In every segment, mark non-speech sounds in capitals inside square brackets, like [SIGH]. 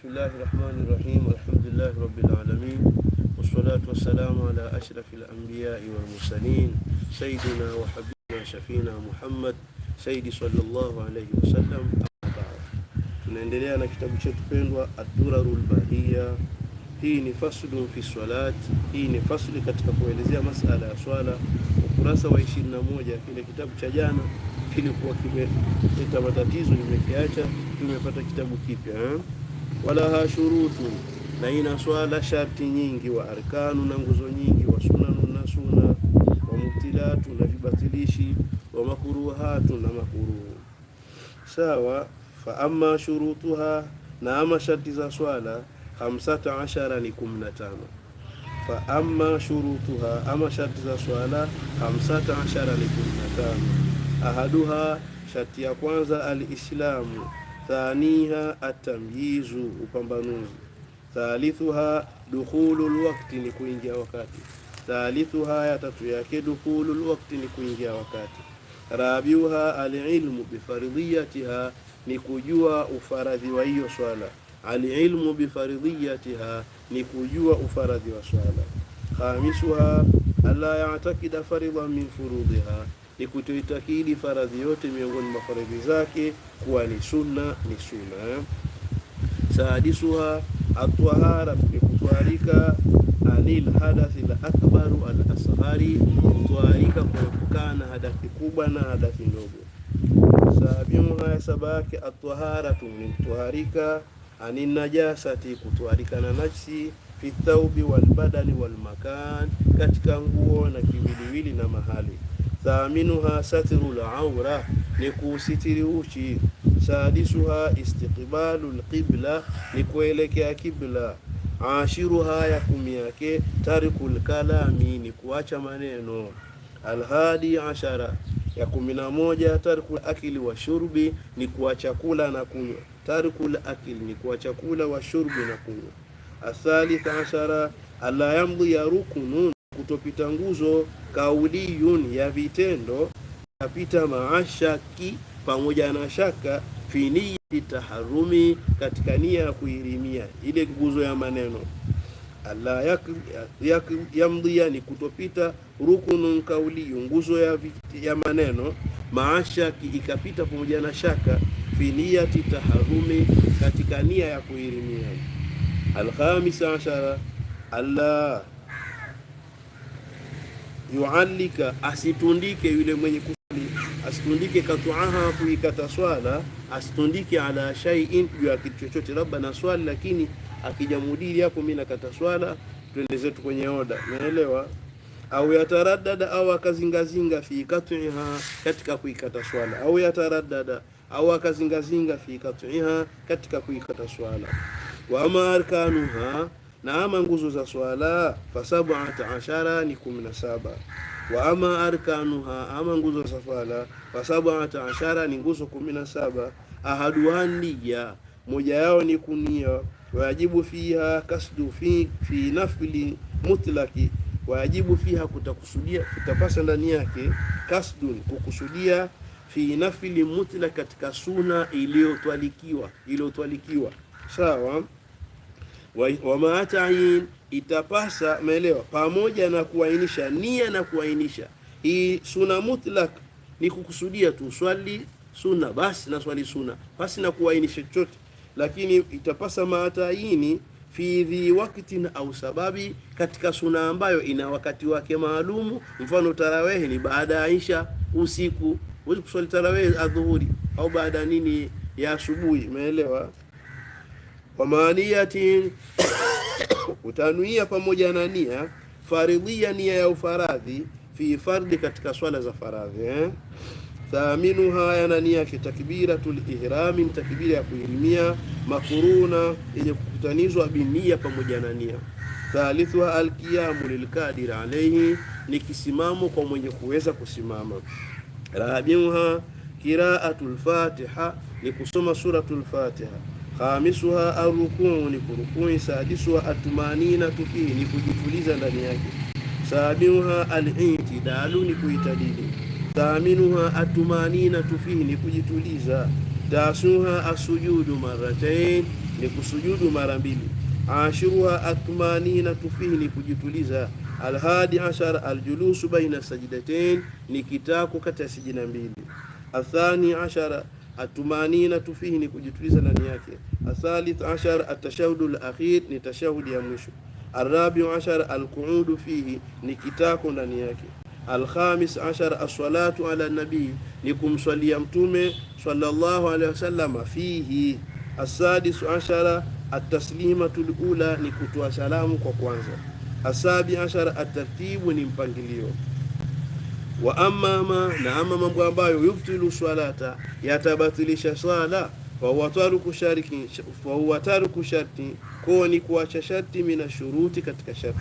Bismillahi rahmani rahim, alhamdulillahi rabbil wassalatu wassalamu ala ashrafil anbiyai wal mursalin sayyidina shafina Muhammad sayyidi sallallahu alayhi wasallam, amma Tunaendelea na kitabu chetu pendwa Ad-Durarul Bahia. Hii ni faslun fi salat, hii ni fasli katika kuelezea masala ya swala. Ukurasa wa 21 kile kitabu cha jana kilikuwa kimeleta matatizo, nimekiacha, nimepata kitabu kipya eh? walaha shurutu, na ina swala sharti nyingi, wa arkanu na nguzo nyingi, wa sunanu na suna, wa mubtilatu na vibatilishi, wa makuruhatu na makuruhu. Sawa. Fa amma shurutuha, na ama sharti za swala hamsata ashara ni kumi na tano. Fa amma shurutuha, ama sharti za swala hamsata ashara ni kumi na tano. Ahaduha, sharti ya kwanza, alislamu thaniha atamyizu, upambanuzi. Thalithuha dukhulu lwakti, ni kuingia wakati. Thalithuha, ya tatu yake, dukhulu lwakti, ni kuingia wakati. Rabiuha alilmu bifardiyatiha, ni kujua ufaradhi wa hiyo swala. Alilmu bifardiyatiha, ni kujua ufaradhi wa swala. Khamisuha alla yatakida faridhan min furudhiha ni kutoitakidi faradhi yote miongoni mwa faradhi zake kuwa ni sunna, ni sunna. Eh? Saadisuha atwahara, ni kutwarika anil hadathi la akbaru al asghari, kutwarika kuepukana hadathi kubwa na hadathi ndogo. Sabiuha ya sabaki atwaharatu, ni kutwarika anin najasati, kutwarika na najsi fi thawbi wal badani wal makan, katika nguo na kiwiliwili na mahali thaminuha satru laura, ni kuusitiri uchi. Sadisuha istiqbalu lqibla, ni kuelekea kibla. Ashiruha, ya kumi yake. Tariku lkalami, ni kuacha maneno. Alhadi ashara, ya kumi na moja. Tariku lakili wa ni kuacha kula na kunywa. Tariku lakili, ni kuacha kula, na kunywa. Athalitha ashara alla yamdhi ya rukunun kutopita nguzo, kauliyun ya vitendo, napita maashaki pamoja na shaka, fi niyati taharumi, katika nia ya kuhirimia ile nguzo ya maneno. alla yak, yak, ya ni kutopita rukunun kauliyun, nguzo ya, ya maneno, maashaki ikapita pamoja na shaka, fi niyati taharumi, katika nia ya kuhirimia Alkhamisa ashara Allah yuallika, asitundike yule mwenye kusali, asitundike katuaha, kuikata swala, asitundike ala shay'in, juu ya kitu chochote, labda na swali, lakini akija mudiri hapo, mimi nakata swala, twende zetu kwenye oda, naelewa Au yataradada, au akazingazinga, fi katiha, katika kuikata swala, au yataradada, au akazingazinga, fi katiha, katika kuikata swala, wa arkanuha na ama nguzo za swala fa sab'ata ashara ni kumi na saba wa ama arkanuha, ama nguzo za swala fa sab'ata ashara ni nguzo kumi na saba ahaduha niya, moja yao ni kunia. Wajibu fiha kasdu fi, fi nafli mutlaki, wajibu fiha kutakusudia, kutapasa ndani yake kasdun, kukusudia fi nafli mutlaki, katika suna iliyotwalikiwa iliyotwalikiwa, sawa wamaatain itapasa, meelewa pamoja na kuainisha nia na kuainisha hii suna mutlak ni kukusudia tu swali suna basi na swali suna basi na kuainisha chochote, lakini itapasa maataini fi dhi waktin au sababi, katika suna ambayo ina wakati wake maalumu. Mfano tarawehe ni baada ya isha usiku, huwezi kuswali tarawehe adhuhuri au baada nini ya asubuhi, umeelewa? wamaniyatin utanuia pamoja na nia faridhia, nia ya ufaradhi fi fardi katika swala za faradhi eh? Thaminu haya na nia yake takbiratul ihrami, ni takbira ya kuhirimia, makuruna yenye kukutanizwa binia pamoja na nia. Thalithuha alqiyamu lilqadir alayhi, ni kisimamo kwa mwenye kuweza kusimama. Rabiuha qiraatul fatiha, ni kusoma suratul fatiha khamisuha arukuu ni kurukui, sadisuha atumaninatu fihi ni kujituliza ndani yake, sabiuha alintidalu ni kuitadili, thaminuha atumaninatu fihi ni kujituliza, tasuha asujudu maratain ni kusujudu mara mbili, ashiruha atmaninatu fihi ni kujituliza, alhadi ashar aljulusu baina sajdatain ni kitako kati ya sijina mbili, athani ashara atumanina fihi ni kujituliza ndani yake. Athalith ashar atashahudu lakhir ni tashahudi ya mwisho. Arabi ashar alquudu fihi ni kitako ndani yake. Alhamis ashar assalatu ala nabii ni kumswalia Mtume sallallahu alaihi wasallam fihi. Asadis ashara ataslimatu lula ni kutoa salamu kwa kwanza. Asabi ashar atartibu ni mpangilio wa amma ma, na ama mambo ambayo yubtilu swalata, yatabatilisha swala fahuwa taruku sharti, fahuwa taruku sharti, kwa ni kuacha sharti mina shuruti, katika sharti.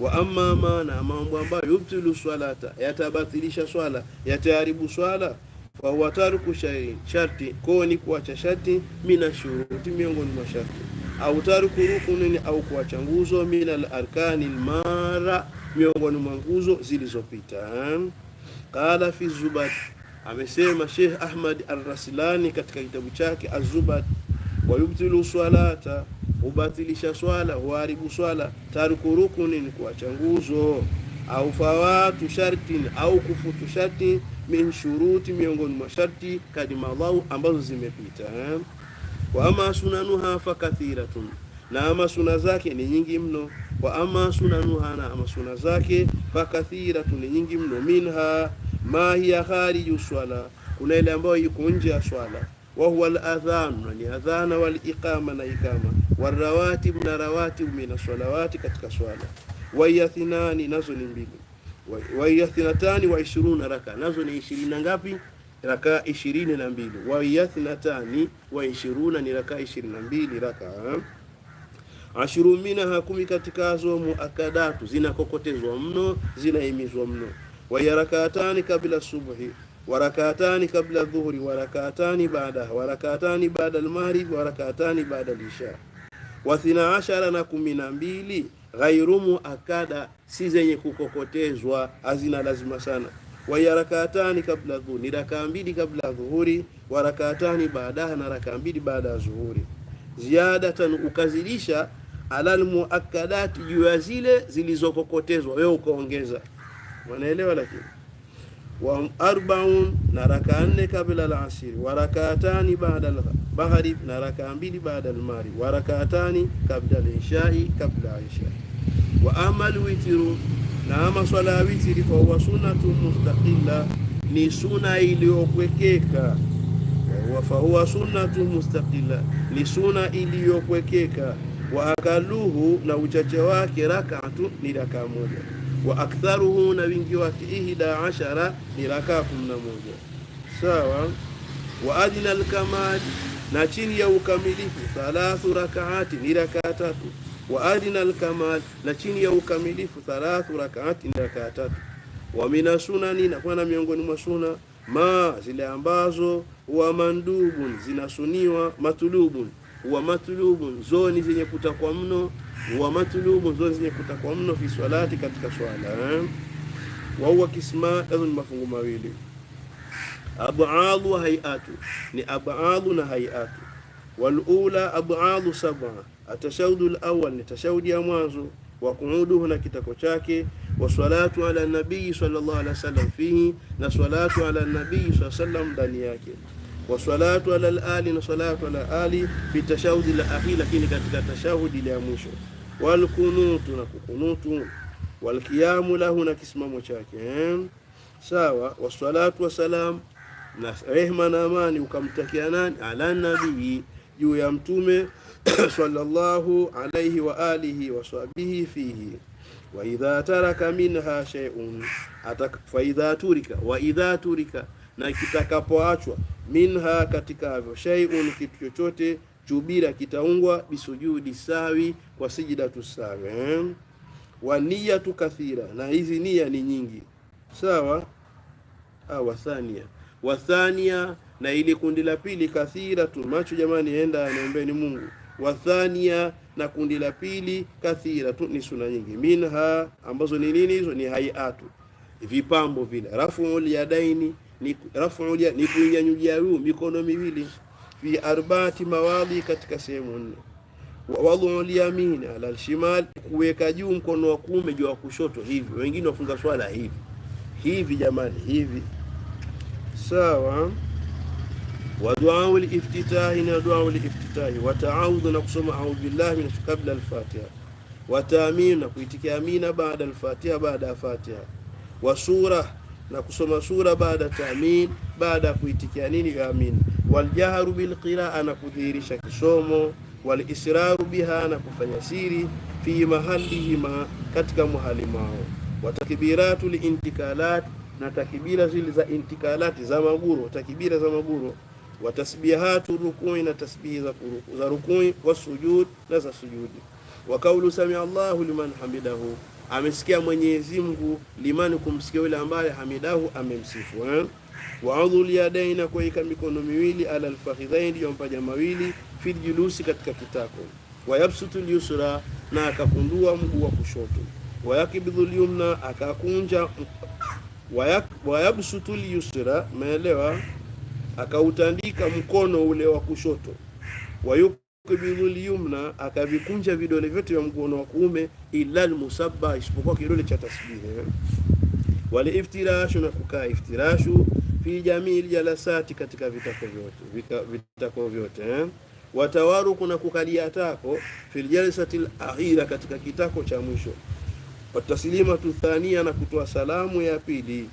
Wa amma ma, na ama mambo ambayo yubtilu swalata, yatabatilisha swala, yataharibu swala fahuwa taruku sharti, kwa ni kuacha sharti mina shuruti, miongoni mwa sharti au taruku rukunin au kuacha nguzo minal arkani lmara, miongoni mwa nguzo zilizopita. Qala fi Zubad, amesema Sheikh Ahmad Arrasilani katika kitabu chake wa Wayubtilu swalata, hubatilisha swala, huharibu swala. tarku rukuni, ni kuacha nguzo au fawatu shartin, au kufutu sharti min shuruti, miongoni mwa sharti kadimadhau, ambazo zimepita. Eh? Wa ama sunanuha fakathiratun, na ama suna zake ni nyingi mno wa ama sunanuha, na ama suna zake, fakathiratu ni nyingi mno. Minha ma hiya khariju swala, kuna ile ambayo iko nje ya swala. Wa huwa al-adhan, na ni adhana, wal iqama, na iqama wal rawatib, na rawatib, min salawati, katika swala. Wa yathinani, nazo ni mbili. Wa yathinatani wa 20 raka, nazo ni 20 na ngapi? Raka 22 Wa yathinatani wa 20 ni raka 22 na mbili raka ashuru minaha, kumi katikazo, muakadatu, zinakokotezwa mno, zinahimizwa mno. Wayarakatani kabla subhi, warakatani kabla dhuhuri, warakatani baadaha, warakatani baada almaghrib, warakatani baada alisha. Wathina ashara, na kumi na mbili ghairu muakada, si zenye kukokotezwa, hazina lazima sana waya rakatani kabla dhuhuri, ni rakaa mbili kabla dhuhuri, wa rakatani baadaha, na rakaa mbili baada ya zuhuri. Ziyadatan, ukazidisha alal muakadati, juu ya zile zilizokokotezwa, wewe ukaongeza. Wanaelewa? Lakini wa arbaun, na rakaa nne kabla al asiri, wa rakaatani baada al bahari, na rakaa mbili baada al mari, wa rakaatani kabla al ishai, kabla isha. Wa amal witru, na ama swala ya witri, fa huwa sunnatu mustaqilla, ni suna iliyokwekeka wa fa huwa sunnatu mustaqilla, ni suna iliyokwekeka wa akaluhu, na uchache wake rakatu ni rakaa moja, wa aktharuhu, na wingi wake ihda ashara ni rakaa kumi na moja sawa. Wa adna alkamali, na chini ya ukamilifu thalathu rakaati ni rakaa tatu. Wa adna alkamali, na chini ya ukamilifu thalathu rakaati ni rakaa tatu. Wa mina sunani, na kwa miongoni mwa suna ma zile ambazo wa mandubun zinasuniwa matulubun wa matlubu zoni zenye kutakwa mno, wa matlubu zoni zenye kutakwa mno fi salati katika swala. Eh? Wa huwa kisma, hizo ni mafungu mawili. Abaadhu hayatu, ni abaadhu na hayatu. Walula abaadhu sab'a, atashahudu alawwal, ni tashahudi ya mwanzo wa kuuduhu na kitako chake, wa salatu ala nabii sallallahu alaihi wasallam fihi, na salatu ala nabii sallallahu alaihi wasallam ndani yake wasalatu ala alali na salatu ala ali fi tashahudi la akhir, lakini katika tashahudi la mwisho, walkunutu na kukunutu, walkiamu lahu na kisimamo chake eh. sawa. Wasalatu wasalam na rehma na amani ukamtakia nani? Ala nabii juu ya mtume [COUGHS] sallallahu alayhi wa alihi wa sahbihi fihi wa idha taraka minha shay'un faidha turika wa idha turika na kitakapoachwa minha katika havyo shay'un kitu chochote chubira kitaungwa bisujudi sawi kwa sijida sawi eh? wa niya tukathira na hizi nia ni nyingi sawa. Ah, wathania wathania, na ili kundi la pili kathira tu macho jamani, enda niombe ni Mungu. Wathania na kundi la pili kathira tu ni suna nyingi, minha ambazo ni nini hizo? Ni haiatu vipambo vile, rafu yadaini ni rafu ni kuinyanyulia juu mikono miwili fi arbaati mawadhi, katika sehemu nne. Wadhu lyamini ala lshimal, kuweka juu mkono wa kuume juu wa kushoto hivi. Wengine wafunga swala hivi hivi, jamani, hivi sawa. Wa duau liftitahi, na duau liftitahi. Wa taaudhu, na kusoma audhu billahi min kabla al-fatiha Wa ta'min na kuitikia amina baada al-fatiha baada ya fatiha. Wa sura na kusoma sura baada ya taamin, baada ya kuitikia nini amin. Waljaharu bilqiraa, na kudhihirisha kisomo. Walisraru biha, na kufanya siri. Fi mahalihima, katika mahali mao. Watakbiratu liintikalat, na takbira zile za intikalati za maguru, takbira za maguru. Watasbihatu rukui, na tasbihi za rukui. Wasujud, na za sujudi. Wa kaulu sami Allahu liman hamidahu amesikia Mwenyezi Mungu limani kumsikia yule ambaye hamidahu amemsifu eh? waadhul yadai na kuweka mikono miwili ala alfakhidhain juu mapaja mawili fil julusi katika kitako yabsutu lyusra na akakundua mguu wa kushoto wayakbidhu lyumna akakunja wa yabsutu lyusra maelewa akautandika mkono ule wa kushoto yuk... Bidhul yumna akavikunja vidole vyote vya mkono wa kuume, ila almusabba, isipokuwa kidole cha tasbihi. Eh. Wale iftirashu na kukaa iftirashu, fi jamii jalasati, katika vitako vyote vitako vyote eh? Watawaruku na kukalia tako, fil jalsati al katika kitako cha mwisho. Wataslimatu thania, na kutoa salamu ya pili,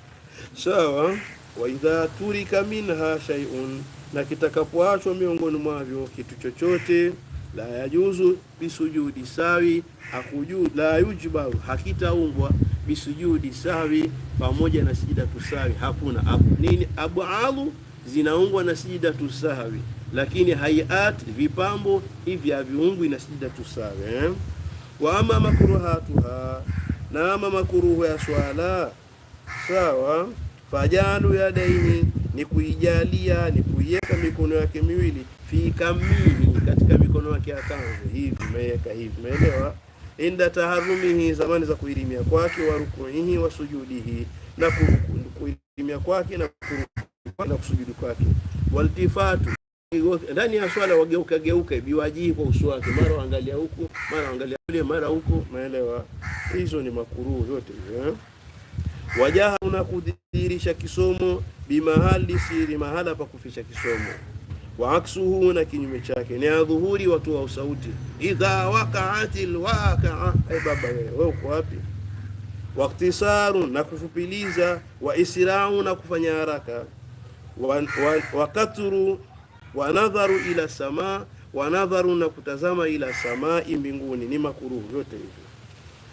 sawa wa idha turika minha shay'un, na kitakapoachwa miongoni mwavyo kitu chochote, la yajuzu bisujudi sawi akuju, la yujbaru, hakitaumbwa bisujudi sawi, pamoja na sijida tusawi. Hakuna abu, nini abuadhu zinaungwa na sijida tusawi, lakini hayat vipambo hivi haviungwi na sijida tusawi eh? wa ama makruhatuha, na ama makuruhu ya swala sawa fajalu daini ni kuijalia ni kuiweka mikono yake miwili fi kamini, katika mikono yake ya kanzu hivi, umeweka hivi, umeelewa? Inda taharumihi, zamani za kuirimia kwake, wa rukuihi wa sujudihi, na kuilimia kwake na na kusujudu kwake, waltifatu ndani ya swala wageuka geuka biwaji kwa uso wake, mara waangalia huku, mara waangalia kule, mara huko, umeelewa? Hizo ni makuruu yote hiyo eh? wajaha una kudhihirisha kisomo bimahali siri mahala pa kuficha kisomo wa aksuhu na kinyume chake ni adhuhuri watu wa sauti idha waqaati wakaa hey eh, baba wewe uko wapi waktisaru na kufupiliza wa israu na kufanya haraka wakaturu wa, wa nadharu ila samaa wanadharu na kutazama ila samai mbinguni ni makuruhu yote hivyo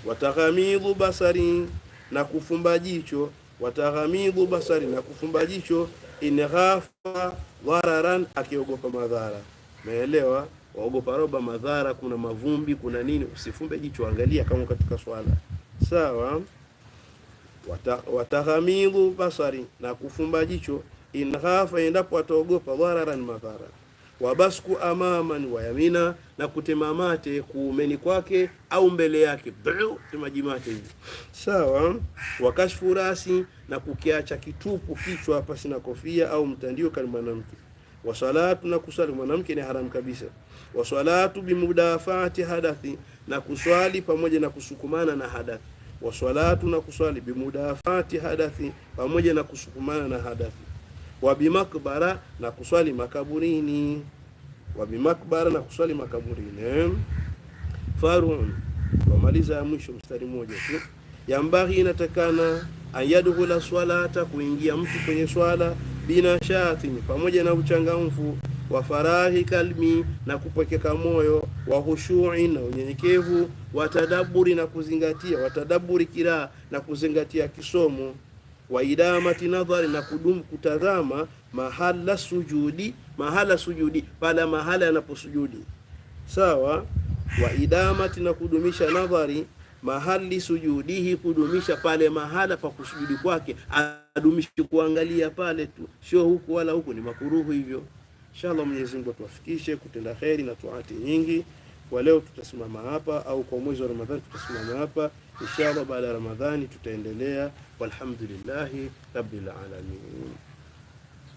wataghamidhu basari na kufumba jicho, wataghamidhu basari, na kufumba jicho, inghafa dhararan, akiogopa madhara. Umeelewa? Waogopa roba madhara, kuna mavumbi, kuna nini, usifumbe jicho, angalia kama katika swala sawa. Wataghamidhu basari, na kufumba jicho, inghafa, endapo ataogopa dhararan, madhara wabasku amaman wayamina, na kutema mate kuumeni kwake au mbele yake, temaji mate hivi sawa. Wakashfu rasi, na kukiacha kitupu kichwa pasi na kofia au mtandio kali mwanamke. Wasalatu, na kusali mwanamke ni haram kabisa. Wasalatu bimudafaati hadathi, na kuswali pamoja na kusukumana na hadathi. Wasalatu, na kuswali bimudafati hadathi, pamoja na kusukumana na hadathi wabimakbara na kuswali makaburini, wabimakbara na kuswali makaburini. Eh? Farun wamaliza ya mwisho, mstari mmoja tu. Yambaghi, inatakana ayadkhula swalata, kuingia mtu kwenye swala bina pamoja na uchangamfu wa farahi kalmi na kupwekeka moyo, wa hushui na unyenyekevu, watadaburi na kuzingatia, watadaburi kiraa na kuzingatia kisomo wa idamati nadhari, na kudumu kutazama mahala sujudi, mahala sujudi pala mahala yanaposujudi sawa. Wa idamati, na kudumisha nadhari mahali sujudihi, kudumisha pale mahala pa kusujudi kwake, adumishi kuangalia pale tu, sio huku wala huku, ni makuruhu hivyo. Inshallah, Mwenyezi Mungu atuwafikishe kutenda kheri na tuati nyingi. Kwa leo tutasimama hapa, au kwa mwezi wa Ramadhani tutasimama hapa inshallah baada ya Ramadhani tutaendelea, walhamdulillahi rabbil alamin.